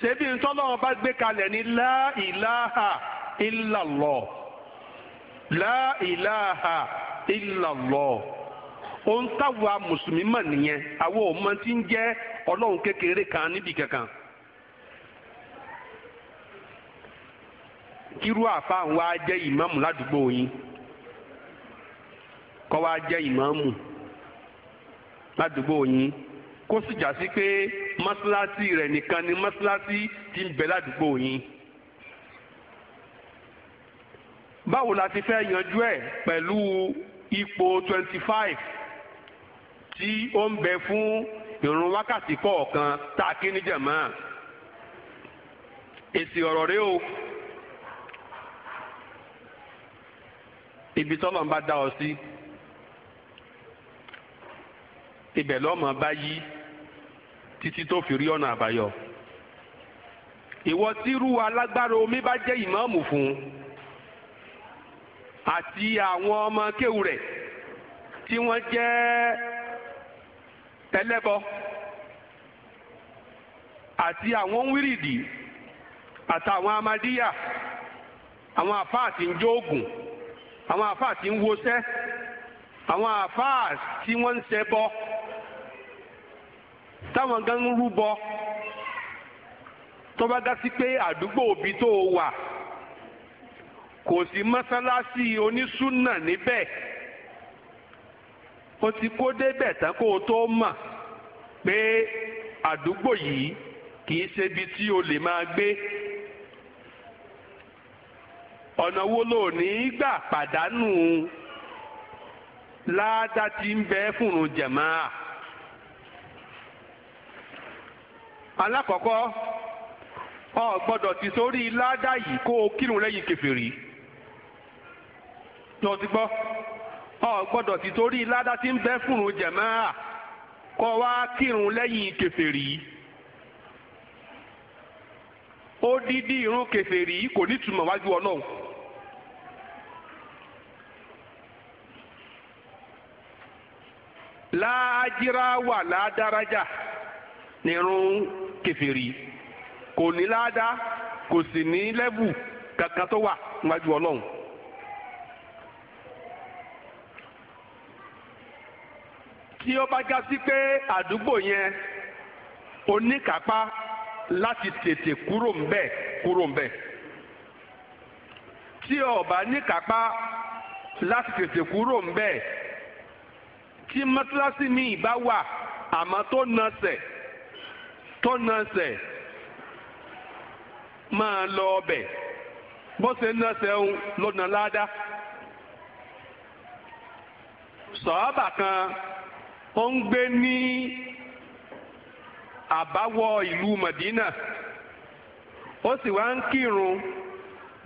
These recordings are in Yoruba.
ṣebí ntọ́lọ́wọ́ bá gbé kalẹ̀ ni la ilaha illallah la ilaha illallah musulmi mọ̀ nìyẹn ọmọ tí ń jẹ́ ọlọ́run kékeré kan níbi kankan. kírú àfa wa jẹ́ ìmáàmù ládùúgbò yín wa ìmáàmù ládùúgbò yín kó sì jà sí mọ́ṣáláṣí rẹ̀ nìkan ni mọ́ṣáláṣí ti ń bẹ ládùúgbò yín. báwo la ti fẹ́ yanjú ẹ̀ pẹ̀lú ipò twenty five tí ó ń bẹ fún ìrun wákàtí kọ̀ọ̀kan tá a kí ní jẹ̀mọ́ èsì ọ̀rọ̀ rẹ o ibi tọ́lọ̀ ń bá dá ọ sí ibẹ̀ lọ́mọ bá yí. títí tó fi rí ọ̀nà àbáyọ. ìwọ tírú alágbára omi bá jẹ́ ìmáàmù fún àti àwọn ọmọ kéwù rẹ̀ tí wọ́n jẹ́ ẹlẹ́bọ àti àwọn wírìdì àtàwọn amadíyà àwọn àfáà tí ń jó oògùn àwọn àfáà tí ń wọṣẹ́ àwọn àfáà tí wọ́n ń ṣẹbọ. táwọn gan ń rúbọ tó bá dá sí pé àdúgbò òbí tó o wà kò sí mọ́sálásí onísùnà níbẹ̀ o ti kó débẹ̀ tán kó o tó mọ̀ pé àdúgbò yìí kì í ṣe tí o lè máa gbé ọ̀nà wo lo ní gbà pàdánù ládàá ti ń bẹ́ fún un Alakọkọ ọ gbọdọ ti sórí ládà yìí kó o kírun lẹ́yìn kèfèrí tó ọ gbọdọ ti sórí ládà tí ń bẹ fúnrun jẹ̀máà kọ wá kírun lẹ́yìn irun kèfèrí kò ní túmọ̀ wájú ọlọ́run. ní irun kẹfìrí kò ní ládàá kò sì ní lẹ́bù kankan tó wà níwájú ọlọ́run. tí ó bá já sí pé àdúgbò yẹn oníkápá láti tètè kúrò ńbẹ kúrò ńbẹ tí ó bá níkápá láti tètè kúrò ńbẹ tí mọ́tíláṣí mi ì wà àmọ́ tó nọsẹ̀. tọ́nàṣẹ̀ máa lọ ọbẹ̀ bó ṣe nàṣẹ̀ ń lọ́nà ládá. sọ̀hábà kan ó ń gbé ní àbáwọ̀ ìlú Màdínà ó sì wá ń kírun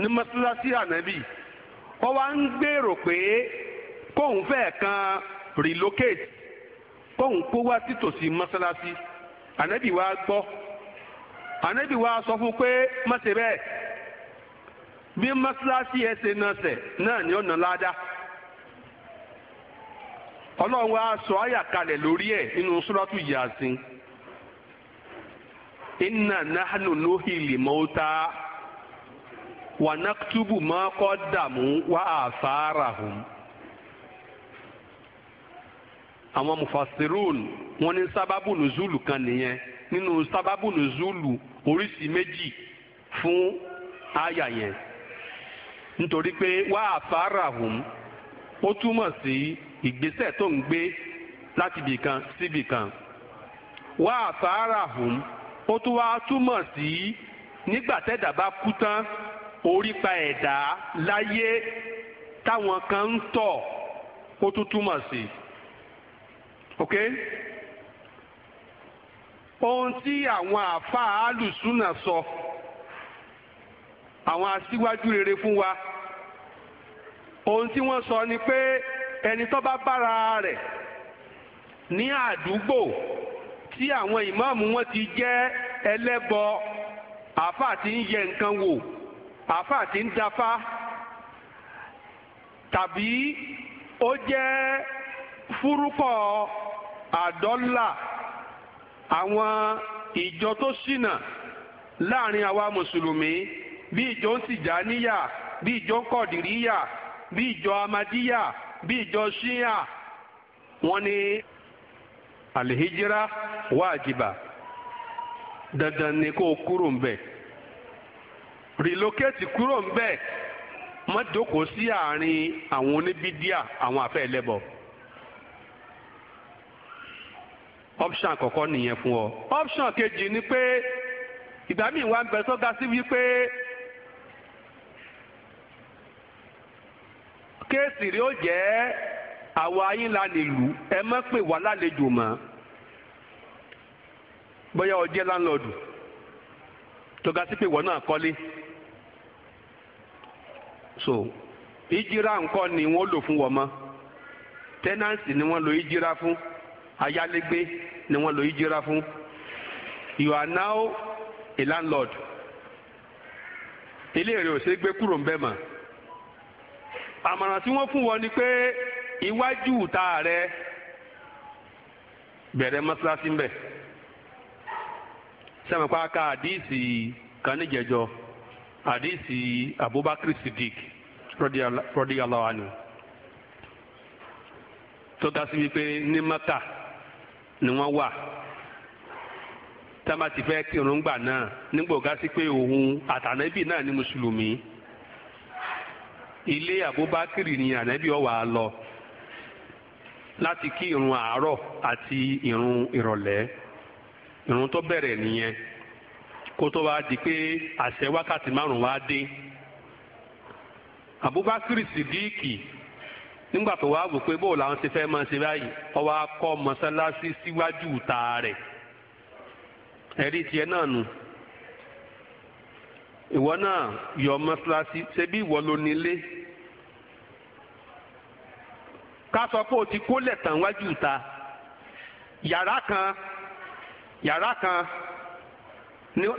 ní mọ́sálásí ànábì ó wá ń gbèrò pé kóun fẹ́ẹ̀ kan relocate kóun kó wá sí tòsí mọ́sálásí. Si ànábì wa gbọ́ ànábì wa sọ fún pé má ṣe bẹ́ẹ̀ bí mọ́ṣáláṣí na ṣe náà ṣẹ̀ náà ni ó nà ládàá ọlọ́run wa sọ àyà kalẹ̀ lórí ẹ̀ nínú sùrọ́tù yàsín inna nahnu nuhili mauta wa naktubu ma qaddamu wa atharahum. àwọn mufasirun wọ́n ní sábàbù nùzúlù kan nìyẹn nínú sábàbù nùzúlù oríṣi méjì fún àyà yẹn nítorí pé wà á fara hùn ó túmọ̀ sí ìgbésẹ̀ tó ń gbé láti ibì kan síbì kan wà á fara hùn ó tún wá túmọ̀ sí nígbà tẹ́dà bá kú tán orí pa ẹ̀dá láyé táwọn kan ń tọ̀ ó tún túmọ̀ sí. Si ok ohun tí àwọn àáfàá alùsùnà sọ àwọn aṣíwájú rere fún wa ohun tí wọ́n sọ ni pé ẹni tó bá bára rẹ̀ ní àdúgbò tí àwọn ìmáàmù wọn ti jẹ́ ẹlẹ́bọ àáfàá tí ń yẹ nǹkan wò àáfàá tí ń dafá tàbí ó jẹ́ fúrúkọ àdọ́là àwọn ìjọ tó ṣìnà láàrin àwa mùsùlùmí bí ìjọ ń tìjàníyà bí ìjọ ń kọ̀dìríyà bí ìjọ amadíyà bí ìjọ ṣíyà ni ní alihijira wájibà dandan ni kó kúrò ńbẹ̀ relocate kúrò ńbẹ̀ má jókòó sí àárín àwọn oníbídíà àwọn àfẹ́ ẹlẹ́bọ. option àkọ́kọ́ nìyẹn fún ọ option kejì ni pé ìgbà míì wà ń bẹ tó ga sí wípé kéèsì rí ó jẹ́ àwọn ayínlá nílùú ẹ má pè wá lálejò mọ́ bóyá o jẹ́ sí pé náà kọ́lé so ijira nǹkan ni wọ́n lò fún wọn mọ́ tẹ́nàǹsì ni wọ́n lo ijira fún. ayálégbé ni wọ́n lò ìjìra fún you are now a landlord ilé rẹ̀ ò ṣe gbé kúrò ń bẹ̀ mọ́ àmọ̀ràn tí wọ́n fún wọn ni pé iwájú ìta rẹ bẹ̀rẹ̀ mọ́ṣáláṣí ń bẹ̀ sẹ́mọ̀pá ka àdíìsì kan níjẹ̀jọ àdíìsì Abubakar Siddiq rọ́díyàlá wa ni tó ga sí wípé ní Maka ni wọ́n wà tábà ti fẹ́ kírun gbà náà nígbà ọ̀gá sí pé òun àtànẹ́bì náà ni mùsùlùmí ilé Abubakar ni ànẹ́bì ó wá lọ láti kí irun àárọ̀ àti irun ìrọ̀lẹ́ irun tó bẹ̀rẹ̀ nìyẹn kó tó wá di pé àṣẹ wákàtí márùn-ún wá dé Abubakar Siddiqi nígbà tó wàá wò pé bó làwọn ti fẹ́ máa ṣe báyìí ọwọ́ akọ mọ́sálásí síwájú ìta rẹ̀ ẹ̀rí tiẹ̀ náà nù ìwọ náà yọ mọ́sálásí ṣebí ìwọ ló nílé ká sọ pé o ti kólẹ̀ tán wájú ìta yàrá kan yàrá kan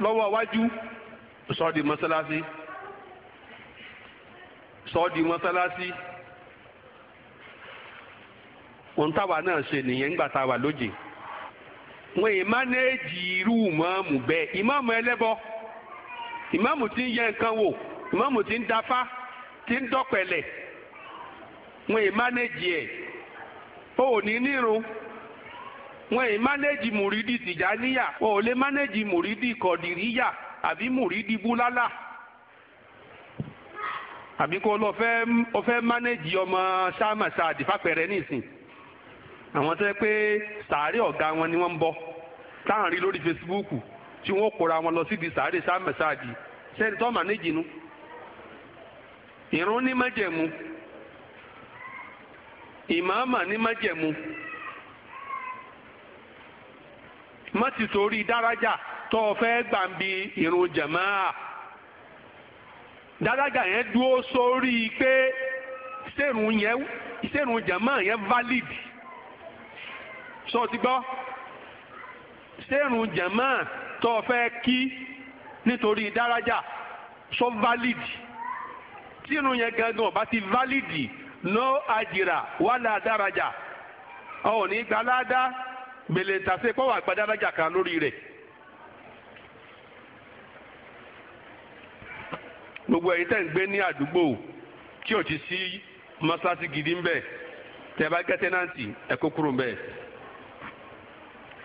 lọ́wọ́ wájú sọ́ọ́ di mọ́sálásí sọ́ọ́ di mọ́sálásí. So ohun táwa náà ṣe nìyẹn ńgbà táwa lóje wọn yìí mánéèjì irú ìmáàmù bẹ́ẹ̀ ìmáàmù ẹlẹ́bọ ìmáàmù tí ń yẹ nǹkan wò ìmáàmù tí ń wọn ẹ̀ o ò ní nírun wọn yìí mánéèjì mùrídì tìjáníyà o ò lè mánéèjì mùrídì kọ̀dìríyà àbí mùrídì búlálà àbí kó lọ ọmọ sáàmà sáà àwọn tó yẹ pé sàárè ọ̀gá wọn ni wọ́n ń bọ́ táwọn lórí fesibúùkù tí wọ́n kóra wọn lọ síbi sàárè sáàmẹ̀sáàdì sẹ́ni tó mà níjì nu ìrun ní májẹ̀mú ìmáàmà ní májẹ̀mú má ti torí dárájà tó o fẹ́ gbàǹbi ìrun jàmáà dárájà yẹn dúró sórí pé ìṣèrun yẹn ìṣèrun jàmáà yẹn válídì. sọ ti gbọ́ sẹ́rùn jẹ̀mọ́ tó o fẹ́ kí nítorí sọ valid yẹn gangan ti valid no àjìrà wàlà ọ̀ ní gbalada gbèlè tàṣe pọ̀ wà gba kan lórí rẹ̀. gbogbo ẹ̀yin ń gbé ní àdúgbò tí ò ti sí gidi ń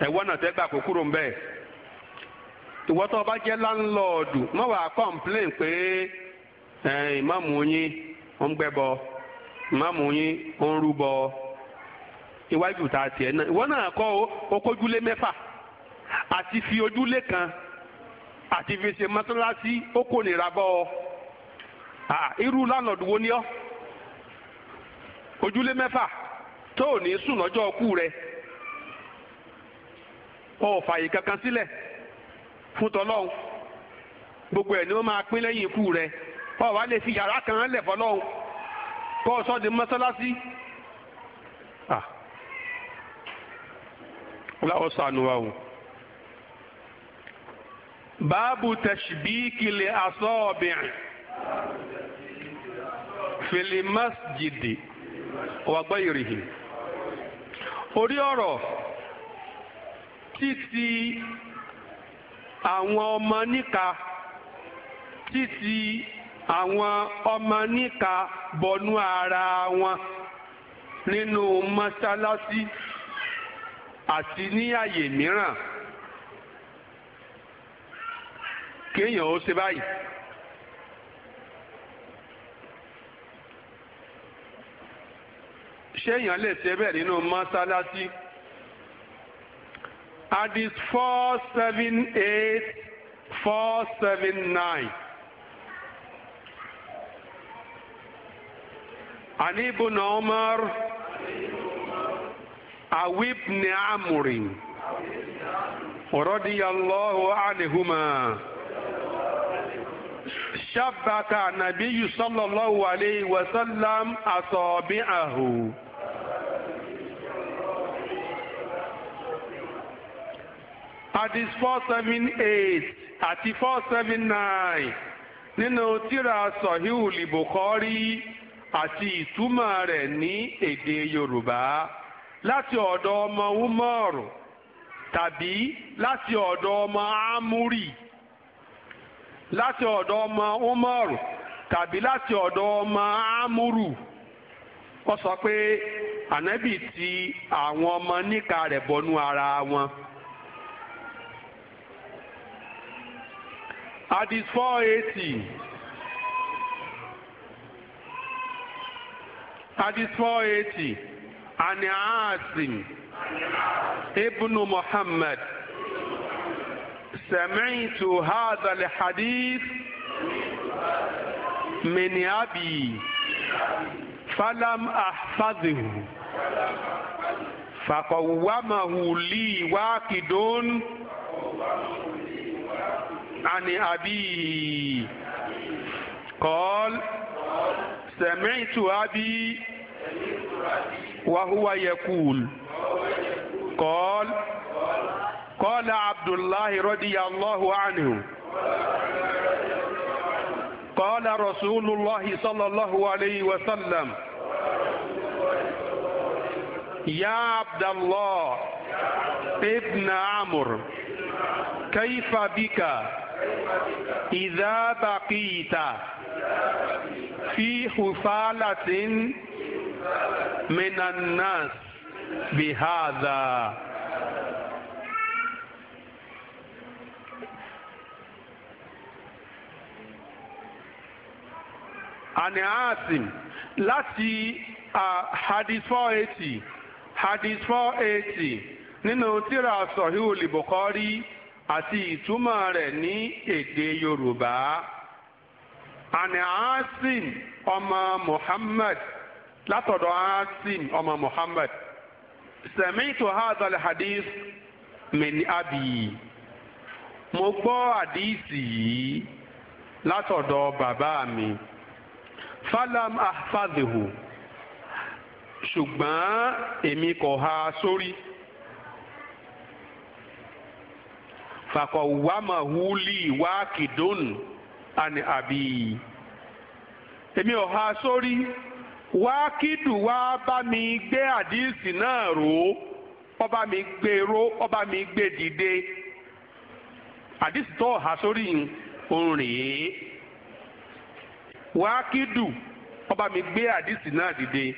ẹ̀wọ́n náà tẹ́ gbà kó kúrò ń bẹ́ẹ̀ tó bá jẹ́ láńlọ́ọ̀dù má wàá kọ́ǹplẹ̀n pé ìmáàmù yín ó ń gbẹ́bọ ìmáàmù yín ń rúbọ iwájú tá a tiẹ̀ náà náà fi ojúlé kan àti fi nira bọ́ ọ irú láńlọ́ọ̀dù wo ni ọ́ ojúlé ó fààyè kankan sílẹ̀ fún tọlọ́hún gbogbo ẹ̀ ni ó máa pín lẹ́yìn ikú lè fi yàrá kan lẹ̀ fọlọ́hún kó di mọ́sálásí. sànù wa o. báàbù tashbiki li asabi' fil masjidi wa ghairihi. orí ọ̀rọ̀. títí àwọn ọmọ níka títí àwọn ọmọ níka bọnú ara wọn nínú mọ́sálásí àti ní àyè mìíràn kéèyàn ó ṣe báyìí. ṣé èèyàn lè ṣe bẹ́ẹ̀ nínú mọ́sálásí hadith four seven eight four seven nine. عن ابن عمر أو ابن عمرو رضي الله عنهما شبك النبي صلى الله عليه وسلم أصابعه hadith four seven eight àti four seven nine nínú tírà sọ̀híhùl Bukhari àti ìtumọ̀ rẹ̀ ní èdè Yorùbá láti ọ̀dọ̀ ọmọ Umar tàbí láti ọ̀dọ̀ ọmọ Amúrì láti ọ̀dọ̀ ọmọ Umar tàbí láti ọ̀dọ̀ ọmọ Amúrù wọ́n sọ pé ànábì ti àwọn ọmọ níka rẹ̀ bọnú ara wọn. Hadith 480. Hadith 480. عن عاصم ابن محمد سمعت هذا الحديث من أبي فلم أحفظه فقومه لي واكد عن أبيه قال سمعت أبي وهو يقول قال قال عبد الله رضي الله عنه قال رسول الله صلى الله عليه وسلم يا عبد الله ابن عمرو كيف بك إذا بقيت في حفالة من الناس بهذا عن عاصم láti hadith four eighty hadith four eighty nínú tírà sọ̀hí olùbùkọ́rí àti ìtumọ̀ rẹ̀ ní èdè Yorùbá àní asim ọmọ Muhammad látọ̀dọ̀ asim ọmọ Muhammad sami'tu hadha al-hadith min abi mo gbọ́ àdíìsì yìí látọ̀dọ̀ bàbá mi falam ahfadhihu ṣùgbọ́n èmi kò há sórí. So fakọ lì wá kìdónù àní àbí. èmi ò ha sórí wá kídù wá bá mi gbé àdíìsì náà ro ọba mi gbé ro ọba mi gbé dìde àdíìsì tó ha sórí òun rèé wá kídù ó mi gbé àdíìsì náà dìde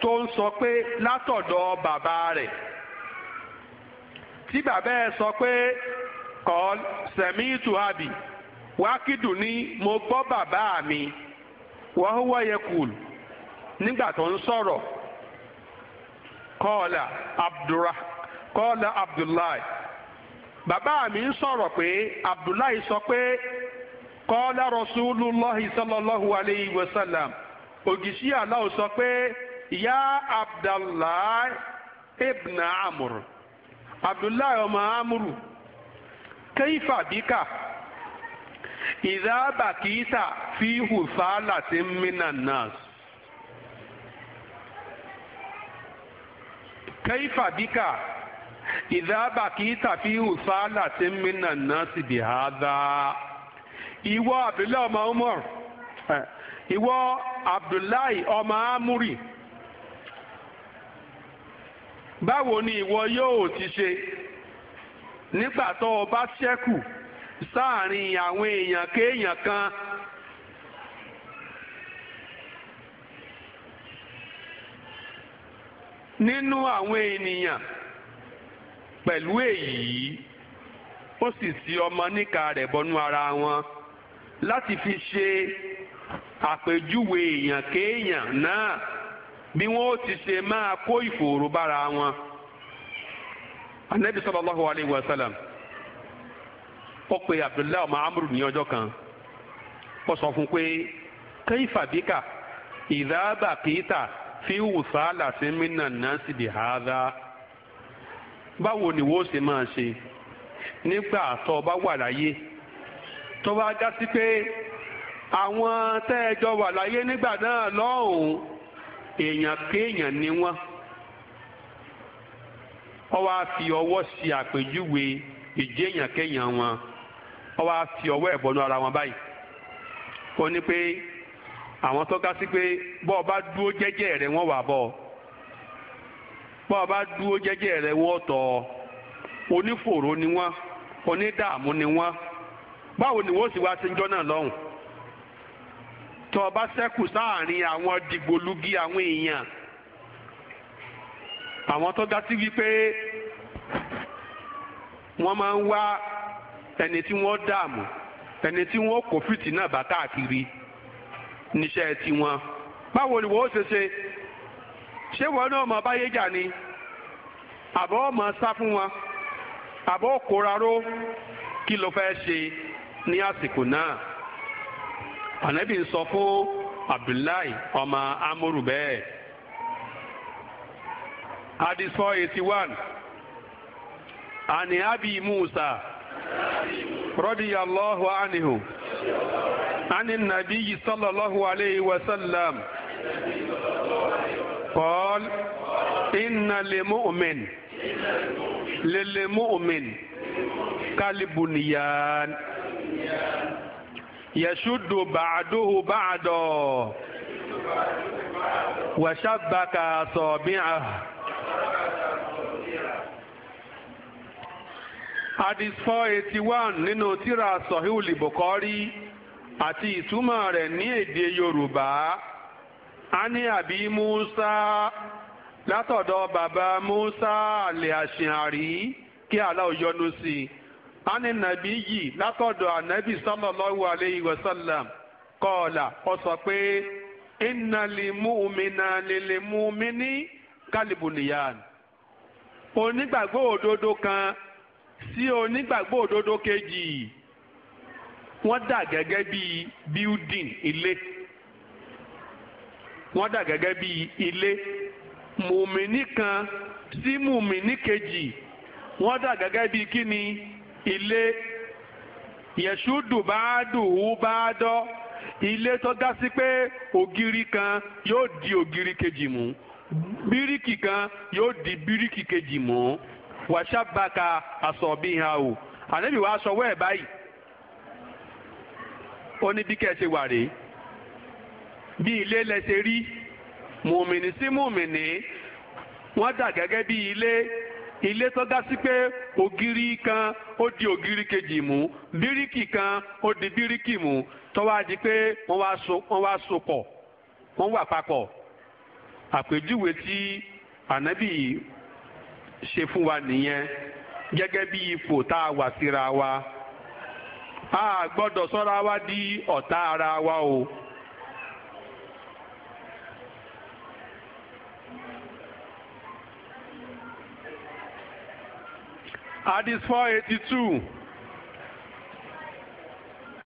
tó ń sọ pé látọ̀dọ̀ bàbá rẹ̀. tí bàbá ẹ sọ pé kọ́ sẹ̀mí tùhábì wákìdù ni mo gbọ́ bàbá mi wọ́n wọ́ yẹ kù nígbà tó ń sọ̀rọ̀ abdullahi bàbá mi sọ̀rọ̀ pé abdullahi sọ pé kọ́ọ̀là rasulullahi sallallahu alayhi wa sallam ògìsí Allah sọ pé ya abdullahi ibn abdullahi ọmọ amuru kẹ́yìfà bíkà ìdábàkìtà fíhù fàálà tí ń mìnà náà. kẹ́yìfà abdullahi ọmọ báwo ni ìwọ yóò ti ṣe nígbà tó o bá ṣẹ́kù sáàrin àwọn èèyàn kéèyàn kan. nínú àwọn ènìyàn pẹ̀lú èyí ó sì ti ọmọ níka rẹ̀ bọnú ara wọn láti fi ṣe àpèjúwe èèyàn kéèyàn náà bí wọn ó ti ṣe máa kó ìfòòró bára wọn anabi sallallahu alayhi wa sallam ó pe abdullahi ọmọ amúrù ní ọjọ́ kan ó sọ fún pé kaifa bika idha baqita fi wùsàlà sí mínà náà sì bì hàdá báwo ni wọ́n ṣe máa ṣe nígbà tó o bá wà láyé tó bá já sí pé àwọn tẹ́ ẹ wà láyé nígbà náà lọ́hùn-ún. èèyàn kéèyàn ni wọ́n ó wá fi ọwọ́ sí àpèjúwe ìjéèyàn kéèyàn wọn ó wá fi ọwọ́ ẹ̀bọnú ara wọn báyìí ó ní pé àwọn tó ká sí pé bọ́ ọ bá dúró jẹ́jẹ́ rẹ̀ wọ́n wà bọ́ ọ bọ́ ọ bá dúró jẹ́jẹ́ rẹ̀ wọ́n tọ̀ ọ onífòòró ni wọ́n onídààmú ni wọ́n báwo ni wọ́n sì wá sí jọ́ náà lọ́hùn. tó o bá ṣẹ́kù sáàrin àwọn dìgbòlugi àwọn èèyàn àwọn tó dá sí wípé wọ́n máa ń wá ẹni tí wọ́n dààmú ẹni tí wọ́n kò fìtì náà bá káàkiri níṣẹ́ tiwọn báwo ni wọ́n ṣe ṣe ṣé wọn náà mọ báyé jà ni àbọ̀ mọ sá fún wọn àbọ̀ kóraró kí ló fẹ́ ṣe ní àsìkò náà ànábì ń sọ fún abdullahi ọmọ amúrù bẹ́ẹ̀. hadith four eighty one ani abi musa radiyallahu anhu ani nabiyyi sallallahu alayhi wa sallam qal inna limu'min lilimu'min kalibuniyan yẹ̀ṣúdù bàdúhù bàdọ̀ wẹ̀ṣàbàkà sọ̀bíà. Hadis 481 eighty one nínú tírà Sọ̀híùlì Bùkọ́rí àti ìtumọ̀ rẹ̀ ní èdè Yorùbá. A ní àbí Musa látọ̀dọ̀ bàbá Musa àlè àṣìhàrí kí Allah yọ́nú sí i ani nàbí yìí látọ̀dọ̀ ànábì sallallahu alayhi wa sallam kọ́ọ̀là ó sọ pé ìnàlì múmìnà lèlè múmìnì kálíbùnìyàn onígbàgbọ́ òdodo kan sí onígbàgbọ́ òdodo kejì wọ́n dà gẹ́gẹ́ bí building ilé wọ́n dà gẹ́gẹ́ bí ilé mùmìnì kan sí mùmìnì kejì wọ́n dà gẹ́gẹ́ bí kíni ilé yẹ̀ṣúdù bá dùn bá dọ́ ilé tó dá sí pé ògiri kan yóò di ògiri kejì mú bíríkì kan yóò di bíríkì kejì mú wàṣà àsọ̀bí hàn o ànábì wàá sọ wẹ́ẹ̀ báyìí ó ní bí kẹ́ wà rèé bí ilé lẹ rí mùmìnì sí mùmìnì wọ́n dà gẹ́gẹ́ bí ilé ilé tó dá sí pé ògiri kan ó di ògiri kejì mú bíríkì kan ó di bíríkì mú tó wá di pé wọ́n wá so wọ́n pọ̀ wọ́n wà papọ̀ àpèjúwe tí ànábì ṣe fún wa nìyẹn gẹ́gẹ́ bí ipò tá a wà síra wa a gbọ́dọ̀ sọ́ra wa di ọ̀tá ara wa o. Hadith 482.